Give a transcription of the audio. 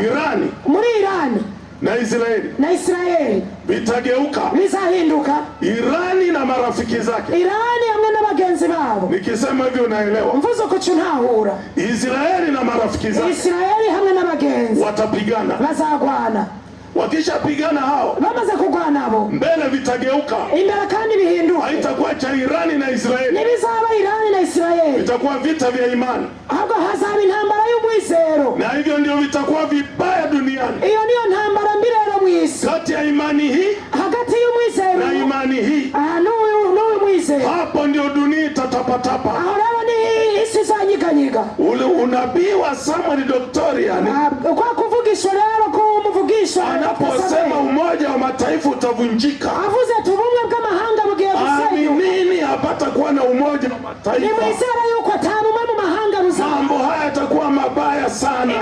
Irani muri Irani na Israeli na Israeli bitageuka bizahinduka, Irani na marafiki zake, Irani hamwe na bagenzi babo. Nikisema hivyo unaelewa, mvuzo kuchu ntahura. Israeli na marafiki zake, Israeli hamwe na bagenzi watapigana, bazagwana wakishapigana hao bamaze kugwana abo, mbele vitageuka, imbere kandi bihinduka. Haitakuwa cha Irani na Israeli, nibizaba Irani na Israeli, vitakuwa vita vya imani, ahubwo hazaba intambara imani hii hagati y'umwizera na imani hii ah, n'uwo mwizera, hapo ndio dunia itatapatapa. Aho rero ni isi izanyiganyiga. Ule unabii wa Samuel Doctorian ah, kwa kuvugisha rero ko umuvugisha anaposema umoja wa mataifa utavunjika, avuze ati ubumwe bw'amahanga bugiye gusenyuka. Amini hapata kuwa na umoja wa mataifa, ni mwizera yuko atabumwe mu mahanga ruzaba, mambo haya yatakuwa mabaya sana.